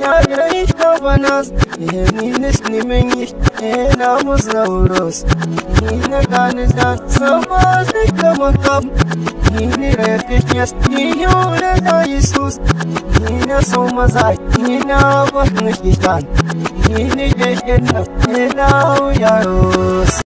Ya yüreği havanas Yemininiz nimin yiş Enamız lavrus Yine kanızdan Sabahlık kamakam Yine rekişnyas Yine da Yesus Yine somazay Yine bakmış işten Yine geçkenler Ela uyarur